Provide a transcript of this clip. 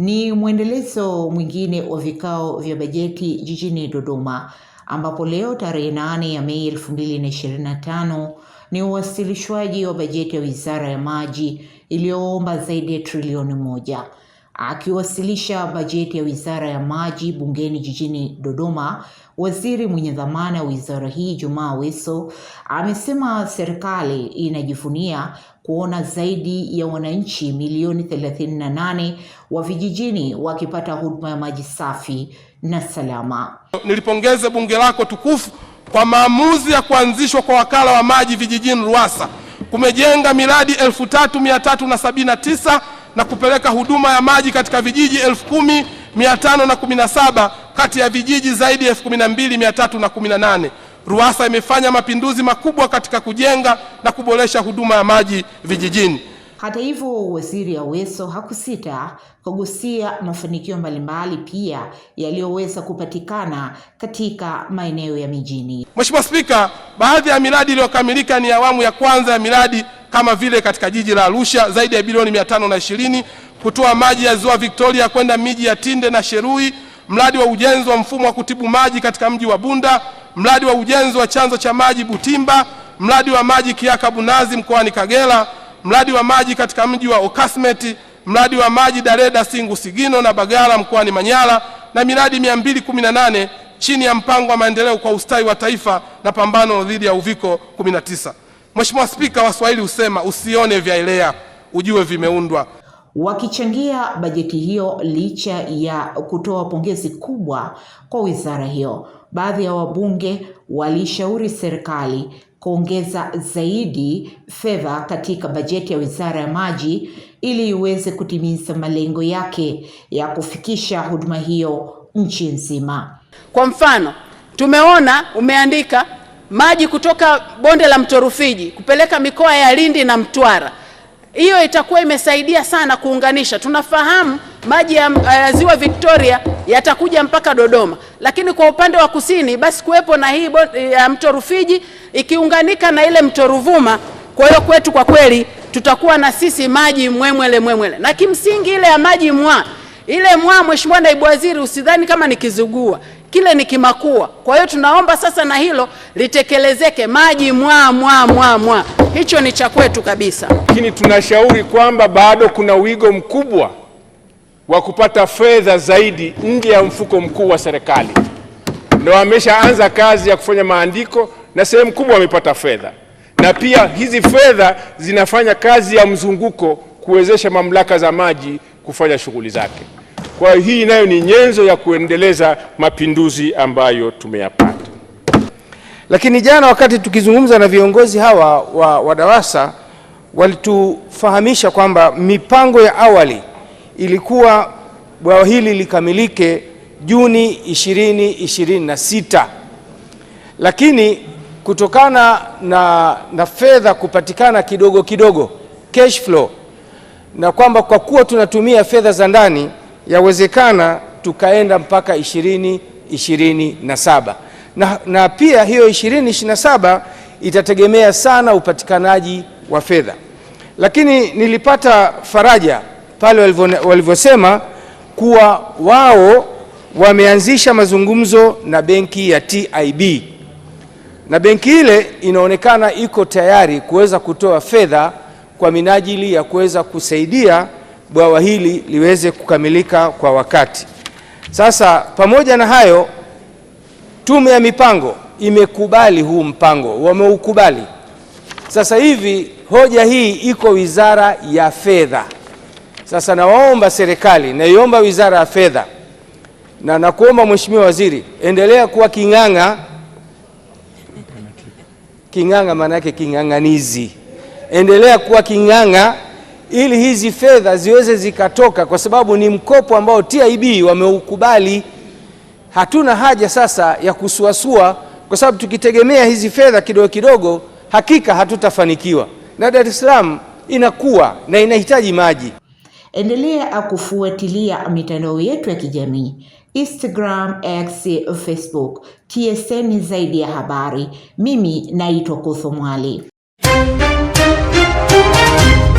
Ni mwendelezo mwingine wa vikao vya bajeti jijini Dodoma ambapo leo tarehe 8 ya Mei 2025 ni uwasilishwaji wa bajeti ya Wizara ya Maji iliyoomba zaidi ya trilioni moja Akiwasilisha bajeti ya wizara ya maji bungeni jijini Dodoma, waziri mwenye dhamana ya wizara hii Jumaa Aweso amesema serikali inajivunia kuona zaidi ya wananchi milioni 38 wa vijijini wakipata huduma ya maji safi na salama. Nilipongeze bunge lako tukufu kwa maamuzi ya kuanzishwa kwa wakala wa maji vijijini RUWASA. Kumejenga miradi 3379 na kupeleka huduma ya maji katika vijiji elfu kumi mia tano na kumi na saba kati ya vijiji zaidi ya elfu kumi na mbili mia tatu na kumi na nane. RUWASA imefanya mapinduzi makubwa katika kujenga na kuboresha huduma ya maji vijijini. Hata hivyo, Waziri Aweso hakusita kugusia mafanikio mbalimbali pia yaliyoweza kupatikana katika maeneo ya mijini. Mheshimiwa Spika, baadhi ya miradi iliyokamilika ni awamu ya kwanza ya miradi kama vile katika jiji la Arusha zaidi ya bilioni na ishirini kutoa maji ya ziwa Victoria kwenda miji ya Tinde na sherui mradi wa ujenzi wa mfumo wa kutibu maji katika mji wa Bunda, mradi wa ujenzi wa chanzo cha maji Butimba, mradi wa maji Kiaka Bunazi mkoani Kagera, mradi wa maji katika mji wa Okasmet, mradi wa maji Dareda Singu Sigino na Bagara mkoani Manyara na miradi 218 chini ya mpango wa maendeleo kwa ustawi wa taifa na pambano dhidi ya uviko 19. Mheshimiwa Spika, Waswahili husema usione vyaelea ujue vimeundwa. Wakichangia bajeti hiyo licha ya kutoa pongezi kubwa kwa wizara hiyo, baadhi ya wabunge walishauri serikali kuongeza zaidi fedha katika bajeti ya Wizara ya Maji ili iweze kutimiza malengo yake ya kufikisha huduma hiyo nchi nzima. Kwa mfano, tumeona umeandika maji kutoka bonde la mto Rufiji kupeleka mikoa ya Lindi na Mtwara. Hiyo itakuwa imesaidia sana kuunganisha. Tunafahamu maji ya ya ziwa Victoria yatakuja mpaka Dodoma, lakini kwa upande wa kusini basi kuwepo na hii ya mto Rufiji ikiunganika na ile mto Ruvuma. Kwa hiyo kwetu kwa kweli tutakuwa na sisi maji mwemwele mwemwele, na kimsingi ile ya maji mwa ile mwa, Mheshimiwa Naibu Waziri, usidhani kama nikizugua kile ni kimakua. Kwa hiyo tunaomba sasa na hilo litekelezeke, maji mwa mwa mwa mwa, hicho ni cha kwetu kabisa. Lakini tunashauri kwamba bado kuna wigo mkubwa wa kupata fedha zaidi nje ya mfuko mkuu wa serikali, na wameshaanza kazi ya kufanya maandiko na sehemu kubwa wamepata fedha, na pia hizi fedha zinafanya kazi ya mzunguko kuwezesha mamlaka za maji kufanya shughuli zake. Kwa hiyo hii nayo ni nyenzo ya kuendeleza mapinduzi ambayo tumeyapata. Lakini jana wakati tukizungumza na viongozi hawa wa, wa DAWASA walitufahamisha kwamba mipango ya awali ilikuwa bwawa hili likamilike Juni 2026 lakini kutokana na, na fedha kupatikana kidogo kidogo cash flow, na kwamba kwa kuwa tunatumia fedha za ndani yawezekana tukaenda mpaka ishirini ishirini na saba na, na pia hiyo ishirini ishirini na saba itategemea sana upatikanaji wa fedha, lakini nilipata faraja pale walivyosema kuwa wao wameanzisha mazungumzo na benki ya TIB na benki ile inaonekana iko tayari kuweza kutoa fedha kwa minajili ya kuweza kusaidia bwawa hili liweze kukamilika kwa wakati. Sasa pamoja na hayo, tume ya mipango imekubali huu mpango, wameukubali. Sasa hivi hoja hii iko wizara ya fedha. Sasa nawaomba serikali, naiomba wizara ya fedha na nakuomba Mheshimiwa Waziri, endelea kuwa king'ang'a king'ang'a, maana yake king'ang'anizi, endelea kuwa king'ang'a ili hizi fedha ziweze zikatoka, kwa sababu ni mkopo ambao TIB wameukubali. Hatuna haja sasa ya kusuasua, kwa sababu tukitegemea hizi fedha kidogo kidogo, hakika hatutafanikiwa, na Dar es Salaam inakuwa na inahitaji maji. Endelea kufuatilia mitandao yetu ya kijamii Instagram, X, Facebook. TSN zaidi ya habari. Mimi naitwa Kosomwali.